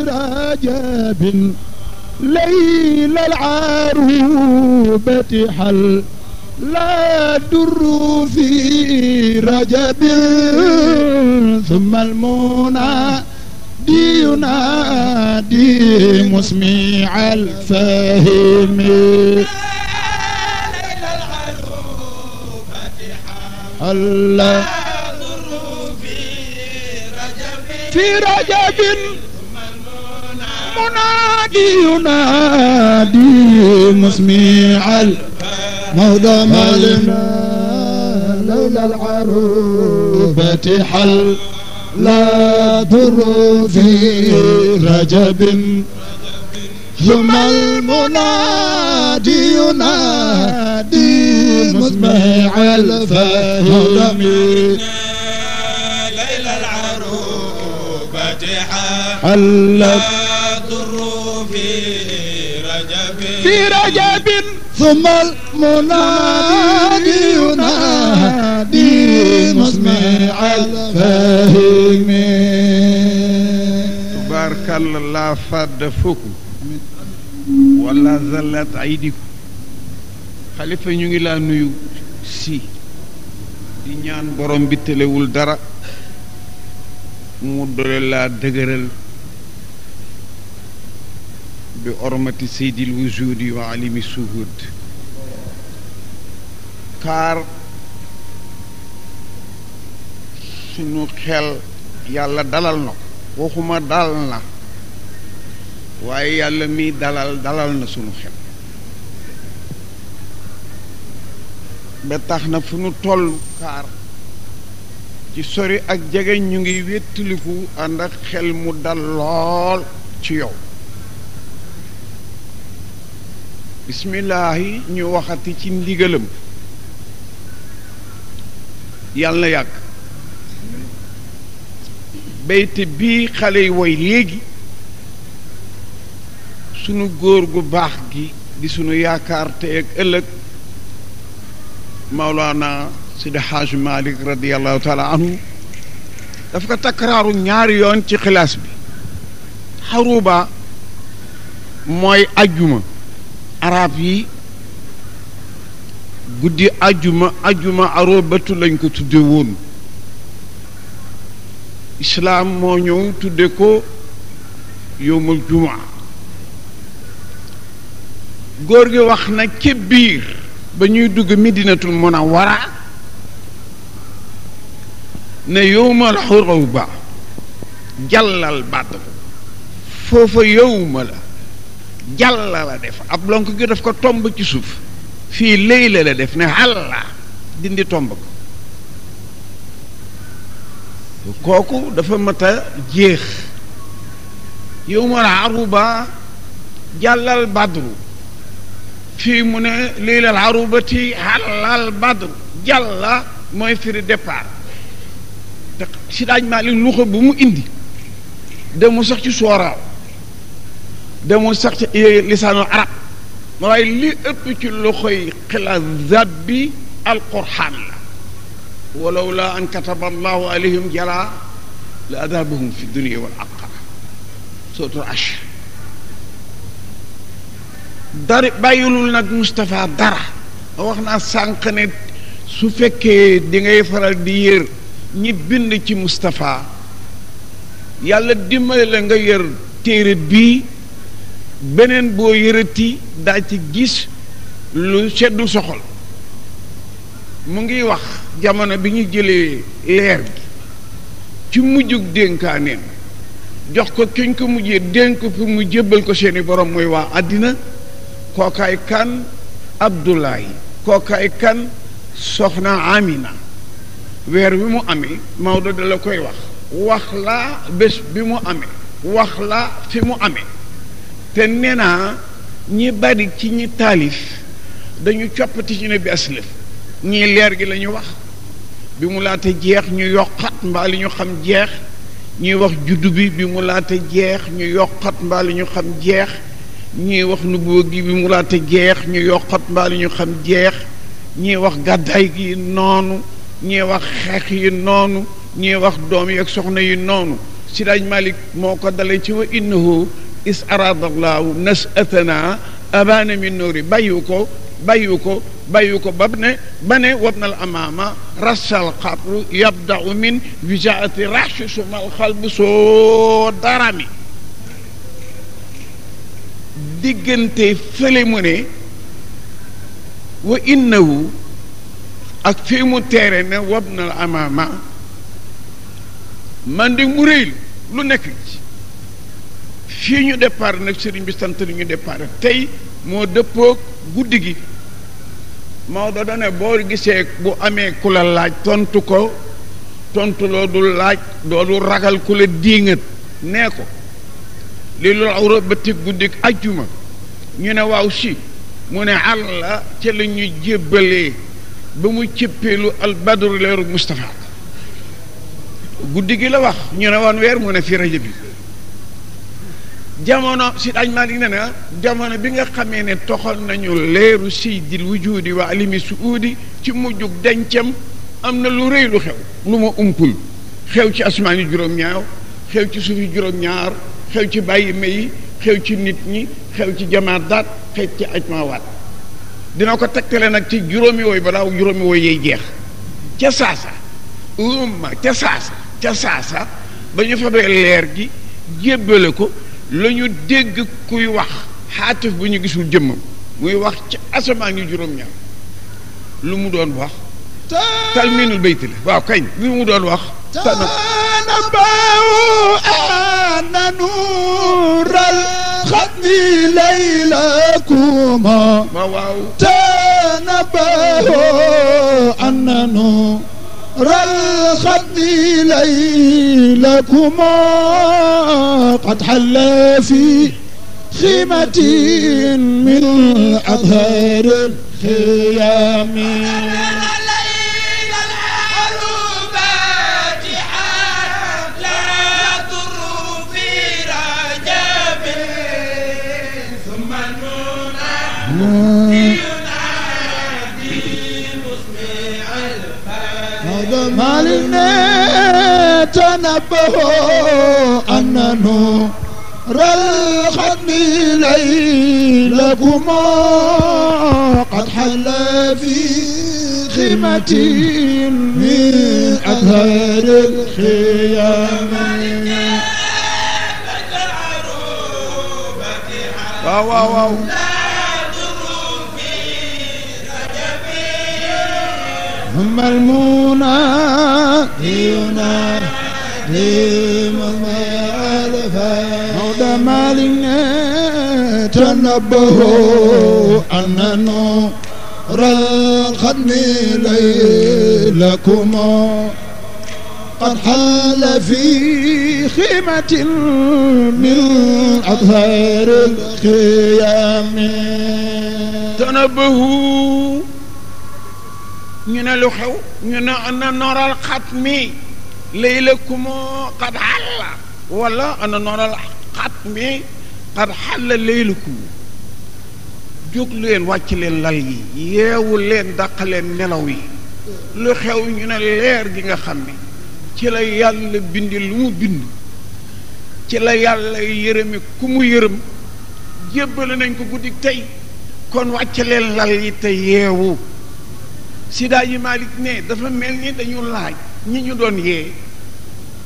رجب ليل العروبة حل لا در في رجب ثم المنى دي ينادي مسميع الفهم الله في رجب منادي ينادي مسميع المهدى مالنا لولا العروبة حل لا ضر في رجب ثم المنادي ينادي مسمع الفهم ليل العروبة حلت الضر في رجب في رجب ثم المنادي ينادي مسمع الفهم تبارك الله لا فرد فوكم ولا زلت عيدكم xalifa ñu ngi laa nuyu si di ñaan borom bi tëlewul dara mu dole laa dëgëral بحرمة سيد الوجود وعلم الشهود kaar sunu xel yàlla dalal na waxuma dal na waaye yàlla mi dalal dalal na sunu xel ba tax na fu nu toll kaar ci sori ak jege ñu ngi wéttiliku ànd ak xel mu dal lool ci yow bismillaahi ñu waxati ci ndigalam yàlla na yàgg béyte bii xale yi woy léegi sunu góor gu baax gi di sunu yaakaar te ak ëllëg Maulana Sidi Hadj Malick radiyallahu taala anhu daf ko takraaru ñaari yoon ci xilaas bi xaruba mooy ajjuma arab yi guddi ajuma ajuma arobatu lañ ko tudde woon islam moo ñëw tudde ko yowmul jumaa góor gi wax na ci biir ba ñuy dugg midinatul munawwara ne yowmal jàllal foofa yowma la jàlla la def ab lonk gi daf ko tomb ci suuf fii léy la def ne àlla dindi tomb kooku dafa mat a jéex yow ma aruba jàllal badru fii mu ne leylal arubati àllal badru jàlla mooy firi départ si daaj maa li luxa bu mu indi demu sax ci sooraaw demul sax ci lisaanul arab moy li ëpp ci loxoy xila zabbi alquran la ولولا أن كتب الله عليهم جلاء لأذابهم في الدنيا والآخرة سورة العشر dar bàyyilul nag Moustapha dara wax naa sànq su fekkee di ngay faral di yër ñi bind ci Moustapha yàlla dimbali la nga yër téere bii Benen bo yërëti da ci gis lu seddu soxol mu ngi wax jamono bi ñu jëlee leer gi ci mujjug dénkaaneen jox ko kiñ ko mujjee dénk pour mu jébbal ko seeni borom mooy waa adina kookaay kan abdoulaye kookaay kan soxna amina weer wi mu amee Maodo da la koy wax wax laa bés bi mu wax fi mu te nee naa ñi bari ci ñi taalif dañu coppati ci ne bi aslëf ñii leer gi la wax bi mu laate jeex ñu yokkat mbaa li ñu xam jeex ñuy wax juddu bi bi mu laate jeex ñu yokkat mbaa li ñu xam jeex ñuy wax nubuwa gi bi mu laata jeex ñu yokkat mbaa ñu xam jeex ñii wax gàddaay gi noonu ñii wax xeex yi noonu ñii wax doom yi ak soxna yi noonu Siraaj Malik moo ko dale ci wa innahu is aradallahu nasatana abaana min nuuri bàyyu ko bàyyu ko bàyyu ko ba ne ba ne wabnal amaama rasal xabru yabdau min wijaati raxsi soo darami diggante fële mu ak fii mu teere ne wabnal amaama man lu nekk ci fii ñu départ nag sëriñ bi sant ni ñu départ tey moo dëppoog guddi gi Maodo da boo gisee bu amee ku la laaj tontu ko tontu loo du laaj doolu ragal ku la diiŋat nee ko li loolu awra bëtig guddik ajjuma ñu ne waaw si mu ne àlla ca la ñu jébbalee ba mu cëppeelu albadru leeru Mustapha guddi gi la wax ñu ne wanweer weer mu ne fi rajo bi jamono si añ maa Maalik ne na ah, jamono bi nga xamee ne toxal nañu leeru sayyidil wujuudi wa alimi suudi ci mujjug dencam am na lu rëy lu xew lu ma umpul xew ci asmaan yi juróom ci suuf yi juróom-ñaar xew ci bàyyi mayi xew ci nit ñi xew ci jamaat daat xew ci aj maawaat dina ko tegtale nag ci juróomi wooy balaa juróomi wooy yay jeex ca saasa umma ca saasa ca saasa ba ñu fabee leer gi jébbale ko la ñu dégg kuy wax xaatif bu ñu gisul jëmmam muy wax ci asamaan yu juróom-ñaar lu mu doon wax talmiinul bayti la waaw kañ lu mu doon wax تنبأوا أن نور الختم الخد ليلكما قد حل في خيمة من أظهر الخيام تنبهوا أن نور الختم ليلكما قد حل في خيمة من أثار الخيام واو واو واو ثم المنادي ينادي مولى مالنا تنبهوا أن نور الختم ليلكما قد حال في خيمة من أظهر الخيام تنبهوا ñu ne lu xew ñu ne ana nooral xat mi lay la kumoo xat xàlla wala ana nooral xat mi xat xàlla la kumoo jóg leen wàcc leen lal yi yeewu leen dàq leen nelaw yi lu xew ñu ne leer gi nga xam ne ci la yàlla bindi lu mu bind ci la yàlla yërëmi ku mu yërëm jébbale nañ ko guddi tey kon wàcc leen lal yi te yeewu Sida yi Malick ne dafa mel ni dañu laaj ñi ñu doon yee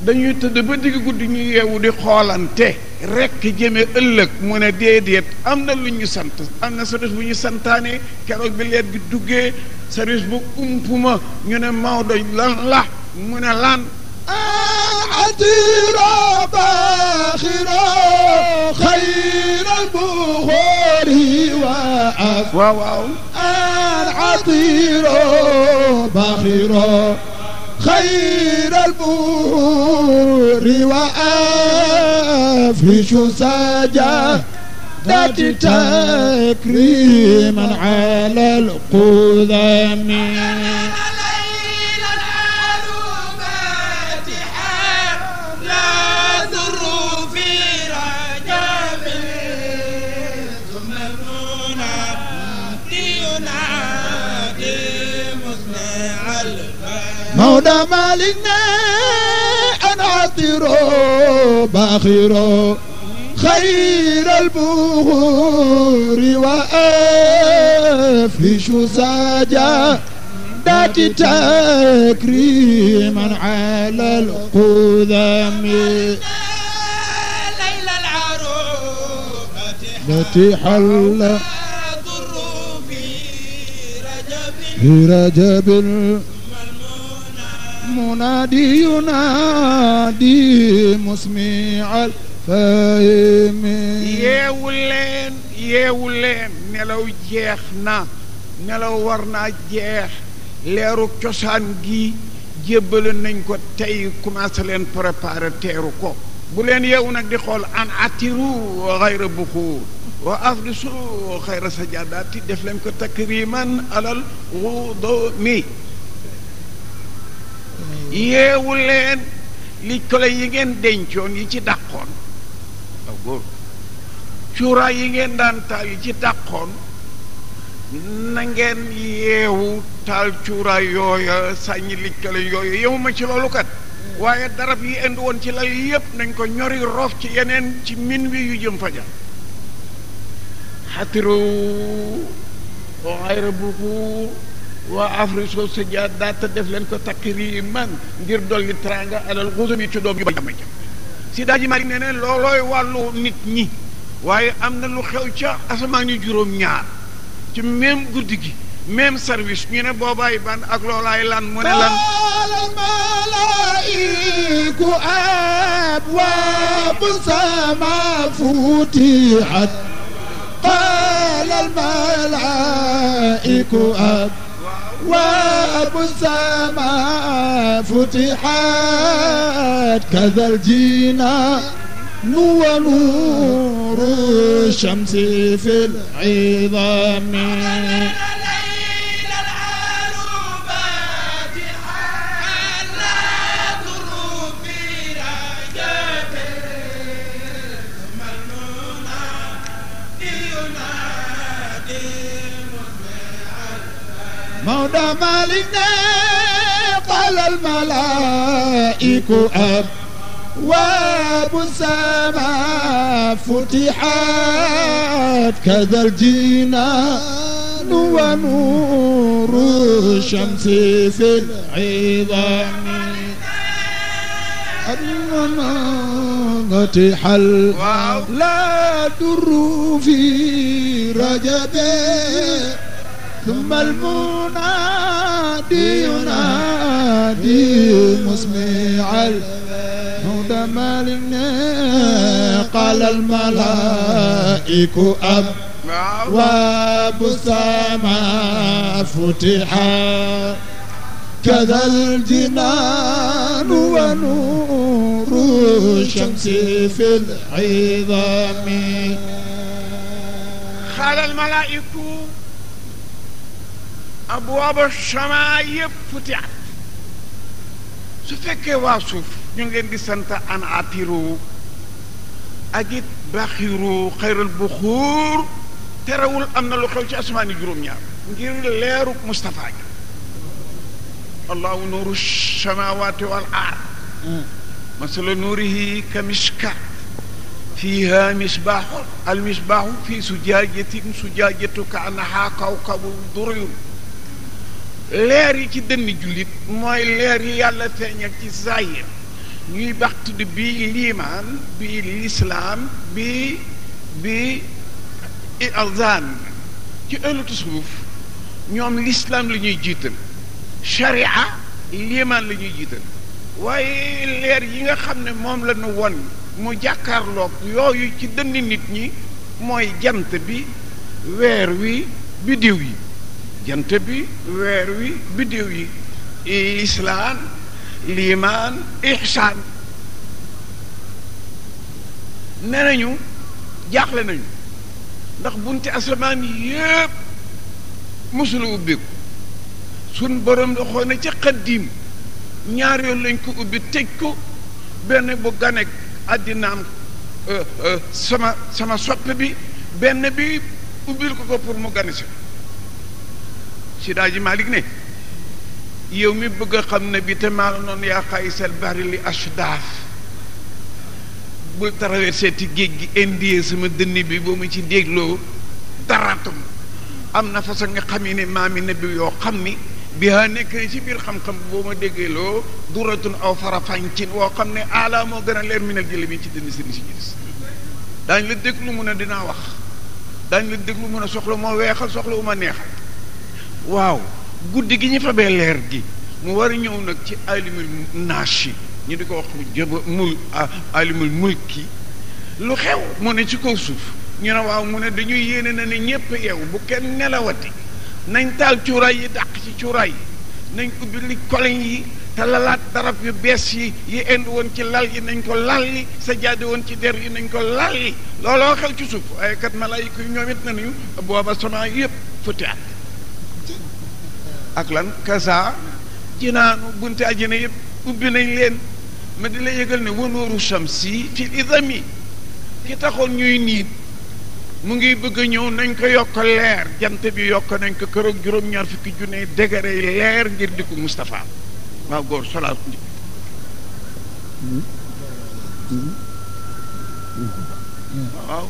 dañuy tëdd ba digg guddi ñu yeewu di xoolante rekk jëme ëllëg mu ne déedéet am na lu ñu sant am na service bu ñu santaane keroog bi leet bi duggee service bu umpuma ñu ne Maodo lan la mu ne lan ah عطيرا باخرا خير البخور وأفواه أن عطيرا باخرا خير البخور وأفرش سجاه ذات تكريما على القدمين باخرا خير البغور وأفرش ساجا ذات تكريما على القدم ليل العروبة التي حل في رجب في رجب منادي ينادي مسميع الفهم يا ولين يا ولين نلو جيخنا نلو ورنا جيخ ليرو تشان جي جبل نينكو تاي كوماس لين بريباراتيرو كو بولين ياو نك دي خول ان اتيرو غير بخور وافلسوا خير سجادات ديفلم كو تكريما على الغضو مي yeewu leen li kole yi ngeen dencoon yi ci dàqoon aw yi ngeen daan taal yi ci dàqoon na ngeen yeewu taal cuuraay yooya sàññi li kole yooya yemuma ci loolu kat waaye darab yi indi woon ci lay yépp nañ ko ñori roof ci yeneen ci min wi yu jëm fajar xatiru xayra buxuur waa afriso sajaadaata def leen ko taqriman ngir dolli teraanga alal xusum yi ci doom yu ba jàmm si daa ji mari ne loolooy wàllu nit ñi waaye am na lu xew ca asamaan yu juróom-ñaar ci même guddi gi même service ñu ne boobaay ban ak loolaay lan mu ne lan الملائك أبواب السماء فتحت قال الملائك أبواب وأبو السماء فتحت كذا الجنان ونور الشمس في العظام عود مالنا قال الملائك أب واب السماء فتحت كذا الجنان ونور الشمس في العظام المناطح لا در في رجبه ثم المنادي ينادي مسمع الهدى مالنا قال الملائك أب واب السماء فتحا كذا الجنان ونور الشمس في العظام قال الملائك أبواب السماء فتحت su fekkee waa suuf ñu ngi leen di sant an atiru ak it baxiru xayral buxuur terewul am na lu xew ci asmaani juróom-ñaar ngir leeru Mustapha gi allahu nuuru samawati wal ard masala nuurihi ka mishkat فيها مصباح المصباح في سجاجة سجاجة كأنها كوكب دري leer yi ci dënn jullit mooy leer yi yàlla feeñal ci zahir ñuy bax tudd bii liimaan bii lislaam bii bii azan ci ëllëtu suuf ñoom lislaam la jiital sharia liimaan lañuy jiital waaye leer yi nga xam ne moom la won mu jàkkaarloog yooyu ci dënn nit ñi mooy jant bi weer wi biddiw yi jant bi weer wi biddiw yi islaan liimaan ixsaan ne nañu jaaxle nañu ndax bunti asamaan yépp mosula ubbeeku sun borom doxoo na ca xaddiim ñaar yoon lañ ko ubbi tëj ko benn bu ganek àddinaam sama sama soppe bi benn bi ubbil ko ko pour mu gane si si ji Malik ne yow mi bëgg a xam ne bi te maa la noonu yaa xaysal bari li ashdaaf bu traversé ti géej gi indie sama dënn bi boo ma ci dégloo daratum am na façon nga xam ne maami nabi yoo xam ni bi haa nekk na ci biir xam-xam boo ma déggeeloo duratun aw farafancin woo xam ne ala moo gën a leer minal jële bi ci dënn sëriñ si gis daañ la déglu mun a dinaa wax daañ la déglu mun a soxla moo weexal soxla uma neexal waaw guddi gi ñu fabee leer gi mu war a ñëw nag ci alimul naashi ñu di ko wax mu jëba mul alimul mulki lu xew mu ne ci kaw suuf ñu ne waaw mu ne dañuy yéene na ne ñépp yeew bu kenn nelawati nañ taal cuuraay yi dàq ci cuuraay yi nañ ubbi li koleñ yi te lalaat darab yu bees yi yi indi woon ci lal yi nañ ko lalli sa jaade woon ci der yi nañ ko lalli looloo xew ci suuf waaye kat malaayika yi ñoom it nañu booba sama yëpp futti at ak lan kasa jinaanu bunte àjjana yëpp ubbi nañ leen ma di la yëgal ne wanooru shamsi fil idami ki taxoon ñuy niit mu ngi bëgg a ñëw nañ ko yokk leer jant bi yokk nañ ko kër ak juróom-ñaar fukki junne dégare leer ngir dikku Moustapha waaw góor solaat waaw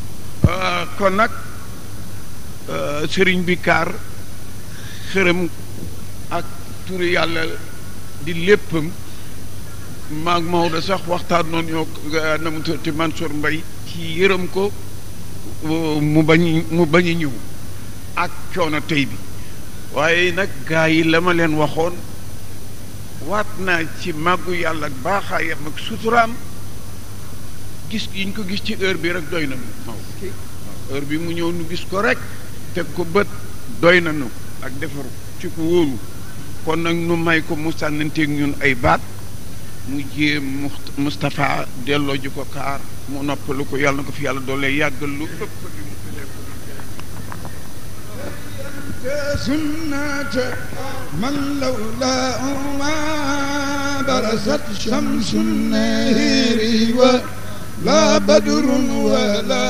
euh, kon nag euh, sëriñ bi kaar xërëm ak turu yàlla di léppam maag Maodo sax waxtaan noonu ñoo namutati Mansour Mbaye ci yërëm ko mu bañ mu bañ a ñëw ak coono tey bi waaye nag gaa yi la ma leen waxoon waat naa ci màggu yàlla ak baaxaayam ak suturaam gis yiñ ko gis ci heure bi rek doy nañu Maodo heure bi mu ñëw nu gis ko rek teg ko bët doy nañu ak defaru ci ko wóoru kon nag nu may ko mu sànnanteeg ñun ay baat mu jiyee Moustapha delloo ji ko kaar mu noppalu ko yàlla na ko fi yàlla doole yàggal lu ëpp li mu سنة من لولا ما برزت شمس النهر ولا بدر ولا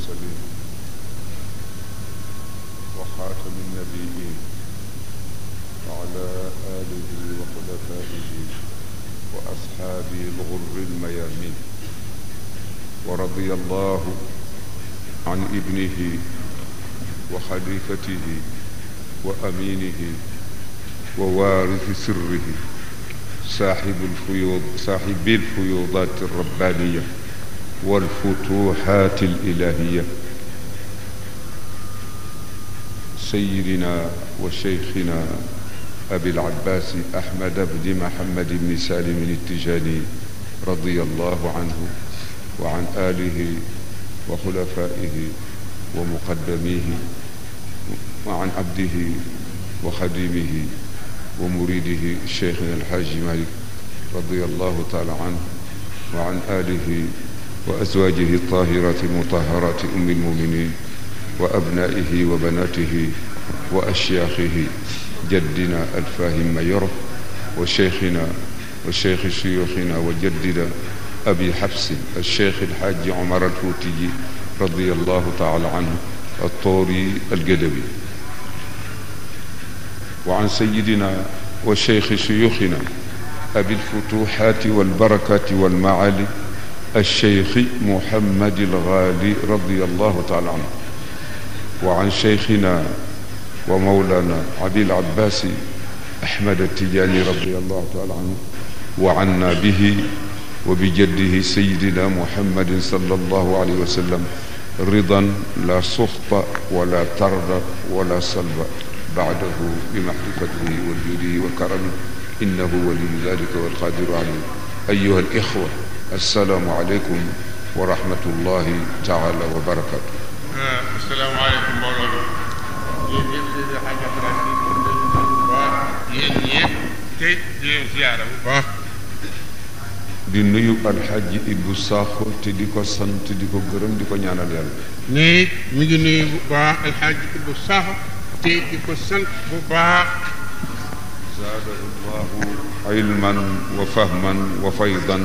المرسلين وخاتم النبيين وعلى آله وخلفائه وأصحابه الغر الميامين ورضي الله عن ابنه وخليفته وأمينه ووارث سره صاحب الفيوض صاحب الفيوضات الربانيه والفتوحات الإلهية سيدنا وشيخنا أبي العباس أحمد بن محمد بن سالم التجاني رضي الله عنه وعن آله وخلفائه ومقدميه وعن عبده وخديمه ومريده شيخنا الحاج مالك رضي الله تعالى عنه وعن آله وأزواجه الطاهرات المطهرات أم المؤمنين وأبنائه وبناته وأشياخه جدنا الفاهم ما يرف وشيخنا وشيخ شيوخنا وجدنا أبي حفص الشيخ الحاج عمر الفوتي رضي الله تعالى عنه الطوري القدبي وعن سيدنا وشيخ شيوخنا أبي الفتوحات والبركات والمعالي الشيخ محمد الغالي رضي الله تعالى عنه وعن شيخنا ومولانا علي العباسي أحمد التجاني رضي الله تعالى عنه وعنا به وبجده سيدنا محمد صلى الله عليه وسلم رضا لا سخط ولا ترد ولا سلب بعده بمحبته وجوده وكرمه إنه ولي ذلك والقادر عليه أيها الإخوة السلام عليكم ورحمة الله تعالى وبركاته السلام عليكم ورحمة di nuyu alxaaji Ibou Sakho te di ko sant di ko gërëm di ko ñaanal yàlla. nii mi ngi nuyu bu baax alxaaji Ibou Sakho te di ko sant bu baax. zaada allahu ilman wa fahman wa faydan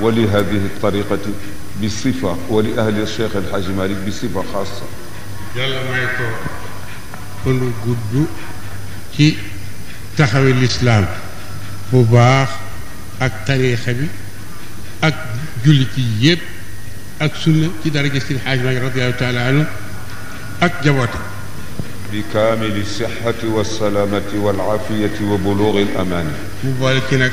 ولهذه الطريقة بصفة ولأهل الشيخ الحاج مالك بصفة خاصة يلا ما كل قد كي تخوى الإسلام بباخ أك تاريخ بي أك جلتي يب أك سنة كي درجة الحاج مالك رضي الله تعالى عنه أك جواتا بكامل الصحة والسلامة والعافية وبلوغ الأمانة مباركينك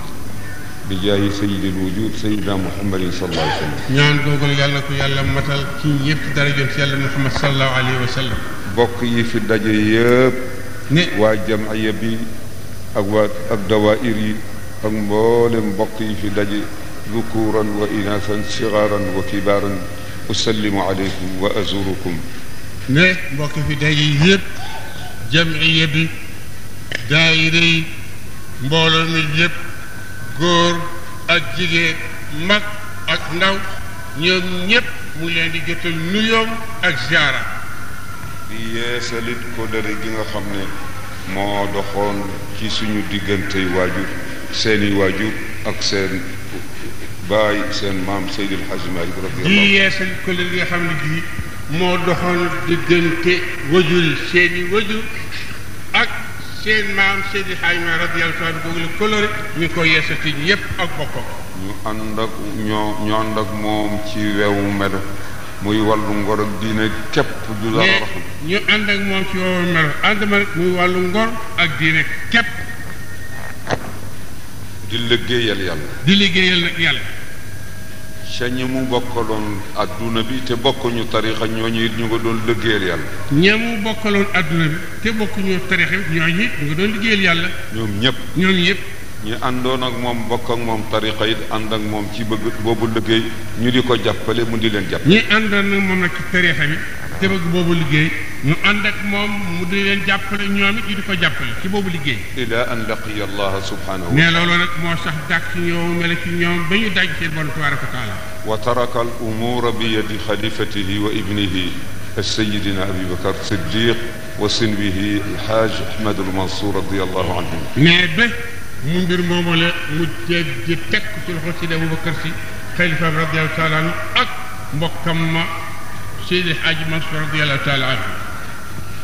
بجاه سيد الوجود سيدنا محمد صلى الله عليه وسلم نيان دوغال يالا كو يالا ماتال كي ييب دارجون سي يالا محمد صلى الله عليه وسلم بوك يي في داجي ييب ني وا جمعيه بي اك وا اك دوائر يي اك مولم بوك يي في داجي ذكورا واناثا صغارا وكبارا اسلم عليكم وازوركم ني بوك في داجي ييب جمعيه بي دايري مولم ييب góor ak jigéen mag ak ndaw ñoom ñépp mu leen di jotal nuyoom ak ziara di yeesalit ko gi nga xam ne moo doxoon ci suñu diggantey waajur seeni waajur ak seen baay seen maam Seydil Hadji Malick radiyallahu anhu di nga xam ne bii moo doxoon diggante wajur seeni wajur seen maam Seydi Xayma radiyallahu anhu boobu la coloré ñu ko yeesati ñëpp ak boppam. ñu ànd ak moom ci weewu melo muy wàllu ngor ak diine képp ak di liggéeyal yàlla. di liggéeyal nag yàlla. ca ñi mu bokkaloon adduna bi te bokkuñu tarixa ñooñu it ñu nga doon liggéeyal yàlla ña mu bokkaloon adduna bi te bokkuñu tarixa ñooñu it ñu nga doon liggéeyal yàlla ñoom ñëpp ñoom ñëpp ñu àndoon ak moom bokk ak moom tarixa it ànd ak moom ci bëgg boobu liggéey ñu di ko jàppale mu di leen jàppale ñi àndoon ak moom nag ci tarixa bi te bëgg boobu liggéey mu ànd ak moom mu di leen jàppale ñoom it di ko jàppale ci boobu liggéey ila an laqiya allah subhanahu ne loolu nag moo sax dàq ci ñoom mel ci ñoom ba ñu daj seen bon tabaraka taala wa taraka al umur bi yadi khalifatihi wa ibnihi al abi siddiq wa سيدنا ابي بكر الصديق وسنبه الحاج احمد المنصور رضي الله عنه نيبه منبر مومولا مجد تك في الحسين ابو بكر سي خليفه رضي الله taala ak اك ma سيد الحاج منصور رضي الله تعالى عنه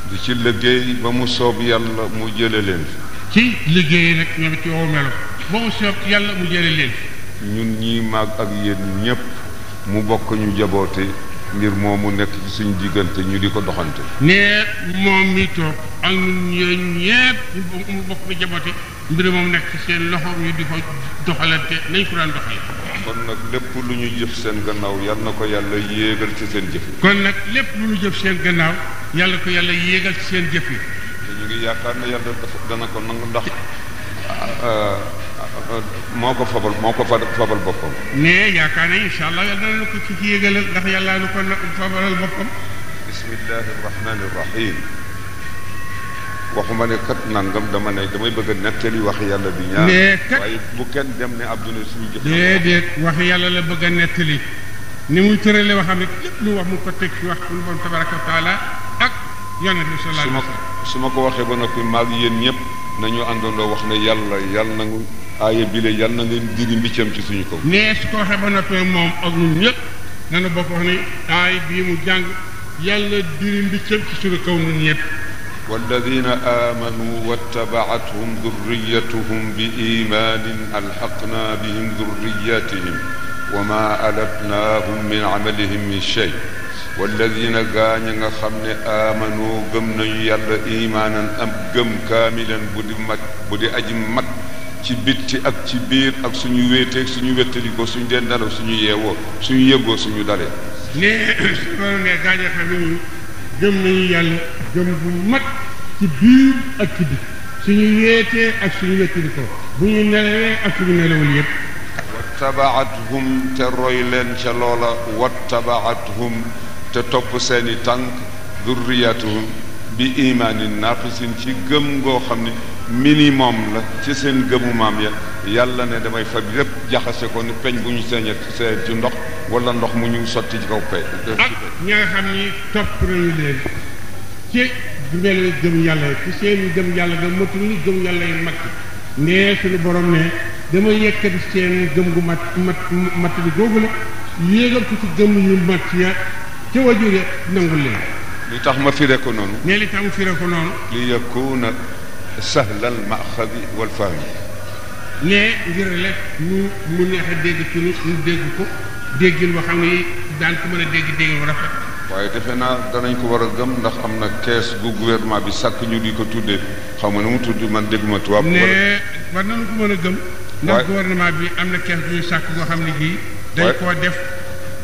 di ci liggéey ba mu soob yàlla mu jële leen fi ci liggéey nag ñoom it woo melo ba mu soob yàlla mu jële leen fi ñun ñii maag ak yéen ñépp mu bokk ñu jaboote ngir moomu nekk ci suñu ñu di ko doxante nee moom mi toog ak ñun ñooñu moom nekk ci seen loxo ñu di ko doxalante nañ ko daan doxale kon nag lépp lu ñu jëf seen gannaaw yal na ko yàlla yéegal ci seen jëf kon nag lépp lu ñu jëf seen gannaaw yàlla ko yàlla yéegal ci seen jëf yi ñu ngi yaakaar ne yàlla dana ko nangu ndax moo ko fabal moo ko fabal boppam ne yaakaar ne incha allah yàlla dana ko ci yéegal ndax yàlla lu ko fabalal boppam bismillahi rahmani rahim waxuma ne kat nangam dama ne damay bëgg a nettali wax yàlla bi ñaar waaye bu kenn dem ne abduna suñu jëf déedéet wax yàlla la bëgg a nettali ni muy tërale waxam it lépp lu wax mu ko teg ci wax suñu borom tabaraka wa taala yonent bi sallallahu alayhi wasallam suma ko waxe ba noppi maag yeen ñep nañu andandoo wax ne yàlla yàlla nangu aaya bile yàlla na ngeen diri mbiccam ci suñu kaw nee su ko waxe ba noppi moom ak ñun ñëpp nana bokk wax ne aay bii mu jàng yàlla diri mbiccam ci suñu kaw ñun ñëpp والذين آمنوا واتبعتهم ذريتهم بإيمان ألحقنا بهم ذرياتهم وما ألتناهم من عملهم من شيء walladina gaa ñi nga xam ne aamanu gëm nañu yàlla imaanan am gëm kaamilan bu di mag bu di aji mag ci bitti ak ci biir ak suñu wéeteeg suñu wéttalikoo suñu dee nelaw suñu yeewoo suñu yëgoo suñu dalee ne loolu bu mag ci biir ak ci biir suñu wéetee ak suñu wéttalikoo bu ñu nelawee ak suñu nelawul yépp wattabaatuhum te roy leen ca loola wattabaatuhum te topp seeni tànk durriyatuhum bi imaanin naqisin ci gëm ngoo xam ne minimum la ci seen gëmu maam ya yàlla ne damay fab lépp jaxase ko ni peñ bu ñu seeñe seet ci ndox wala ndox mu ñu sotti ci kaw peñ ak ñi nga xam ni topp nañu leen ci melu gëm yàlla yi ci seen gëm yàlla ga matul ni gëm yàlla yi mag nee suñu borom ne dama yëkkati seen gëm gu mat mat mat bi googu la yéegal ko ci gëm yu mat ya ci wajure nangul leen li tax ma firé ko noonu ne li tax mu firé ko noonu li yakuna sahlan ma'khad wal fahm ne ngir le ñu mu neex a dégg ci nu ñu dégg ko déggin wax xam ne daan ko mën a dégg dégg bu rafet waye defe naa danañ ko wara gëm ndax amna caisse gu gouvernement bi sak ñu di ko tuddé xaw ma nu mu tudd man dégguma tuwa ne war nañ ko mën gëm ndax gouvernement bi amna caisse kees gu ñu sàkk goo xam ne gii dañ koo def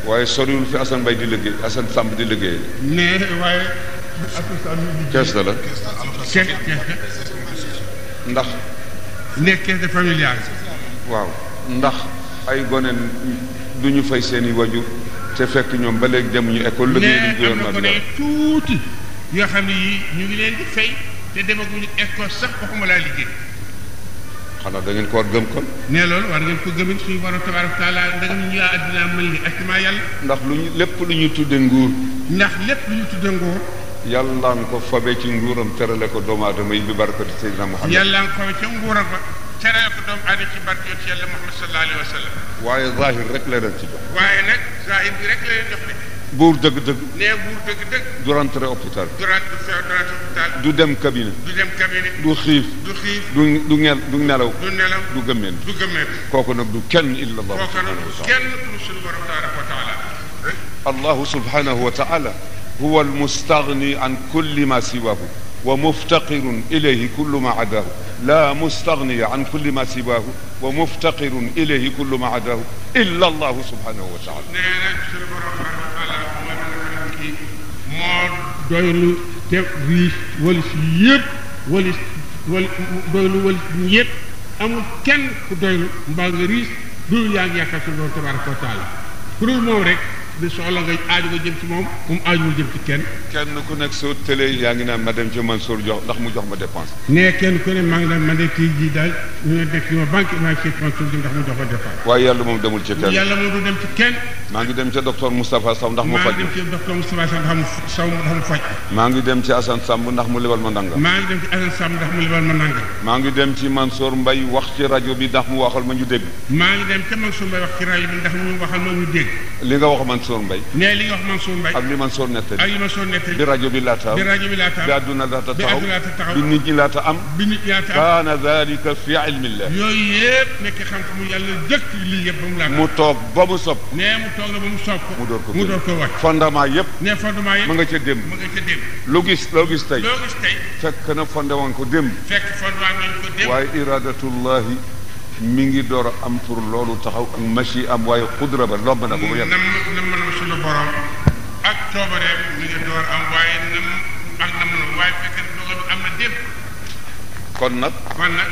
waaye soriwul fi Assane Mbaye di liggéey Assane Samb di liggéey. nee waaye. la ndax. nee de familial. waaw ndax ay gone du ñu fay seeni i wajur te fekk ñoom ba léegi demuñu école. liggéey du gouvernement bi tuuti. yoo xam ñu ngi leen di fay te demaguñu école sax waxuma laa liggéey. xanaa da ngeen ko war gëm kon. nee loolu war ngeen ko gëmit suñu borom tabaaraka taala ndagam ñu yaa addinaa mel ni asima yàlla. ndax lu ñu lépp lu ñu tudde nguur. ndax lépp lu ñu tudde nguur. yàlla nga ko fabe ci nguuram terale ko doomu aadama yi bi barakati Seydina Muhammad. yàlla nga ko fabe ci nguuram ba terale ko doomu aadama ci barkeet yàlla Muhammad sallallahu alayhi wa sallam. waaye zahir rek la leen ci jox. waaye nag zahir bi rek la leen jox buur dëgg dëgg. nee buur dëgg dëgg. du rentré hôpital. du rentré hôpital. du dem cabine. du dem cabine. du xiif. du xiif du du ngel du nelaw. du nelaw du gëmmeen. du gëmmeen. kooku nag du kenn illa allah. kooku nag du kenn ku sunu borom tabaraka taala. الله سبحانه وتعالى هو المستغني عن كل ما سواه ومفتقر إليه كل ما عداه لا مستغني عن كل ما سواه ومفتقر إليه كل ما عداه إلا الله سبحانه وتعالى doylu te riif walis yëpp walis doylu walis yëpp amul kenn ku doylu mbaa nga riis dul yaa ngi yaakaar ci loolu wa taala ku moom rek bi soxla nga aaju nga jëm ci moom moom aajuwul jëm ci kenn kenn ku nekk soo tëlee yaa ngi naan ma dem ci Mansour jox ndax mu jox ma dépense ne kenn ku ne maa ngi naan ma de kii ji daal ñu ne def ci ma banque maa ngi ci Mansour ji ndax mu jox ma dépense waaye yàlla moom demul ci kenn yàlla moom du dem ci kenn maa ngi dem ca docteur Moustapha Saw ndax mu faj maa ngi dem ci docteur Moustapha Saw ndax mu saw ndax mu faj maa ngi dem ci Assane Samb ndax mu lebal ma nangam maa ngi dem ci Assane Samb ndax mu lebal ma nangam maa ngi dem ci Mansour Mbaye wax ci rajo bi ndax mu waxal ma ñu dégg maa ngi dem ca Mansour Mbaye wax ci rajo bi ndax mu waxal ma ñu dégg li nga wax man منصور مباي نيل لي وخ منصور مباي اب لي منصور نيتال اي منصور نيتال بي راديو بي لاتا بي راديو بي لاتا بي ادونا لاتا تاو بي ادونا لاتا تاو بي لاتا ام بي نيت لاتا كان ذلك في علم الله يوي ييب نيك خامت مو يالا ديك لي ييب بام لاتا مو توك بامو سوب ني مو توك بامو سوب مو دور كو مو دور كو واك فوندما ييب ني فوندما ييب ماغا تي ديم ماغا تي ديم لوغيس لوغيس تاي لوغيس تاي فك نا فوندوان كو ديم فك فوندوان كو ديم واي اراده الله mingi ngi door am pour lolu taxaw ak machi am waaye qudra ba rob na ko yalla yem nam nam man suñu borom ak coobareem mi ngi door am waaye nam ak nam la waaye fekk dogal am na démb kon nak kon nak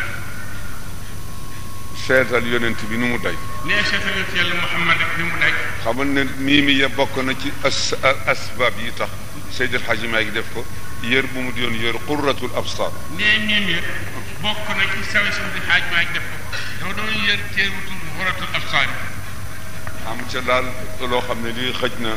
setal yonent bi numu day ne setal yonent yàlla muhammad ak numu day xamal ne mii mi ya bok na ci as asbab yi tax seyd alxaji maa ngi def ko yër bu mu di yon yër qurratul absar ne mii mi bok na ci sawi seyd alxaji maa ngi def ko yow doo yéen teewutul waratul absaar am ca daal loo xam ne lii xëj na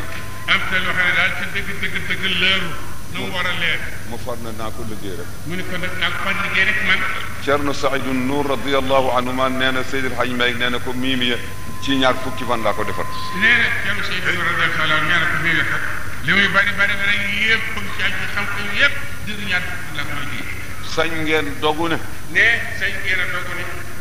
am ca loo xam ne daal ca dëgg dëgg dëgg leeru na mu war a leer mu far na naa ko liggéey rek mu ne ko nag naa ko far liggéey rek man Cerno Saidu Nuur radiallahu anhuma nee na Seydi El Hadj Malick nee na ko miimiya ci ñaar fukki fan laa ko defar nee na Cerno Saidu Nuur radiallahu anhu nee na ko miimiya kat li muy bari bari bari yëpp ci ak xam ko yëpp dir ñaar fukki laa ko liggéey sañ ngeen dogu ne ne sañ ngeen a dogu ne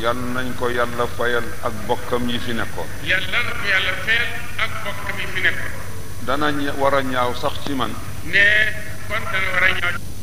yal nañ ko yàlla fayal ak bokkam yi fi nekkoon. yàlla na ko yàlla fayal ak bokkam yi fi nekkoon. dana war a ñaaw sax ci man. ne kon dana war ñaaw.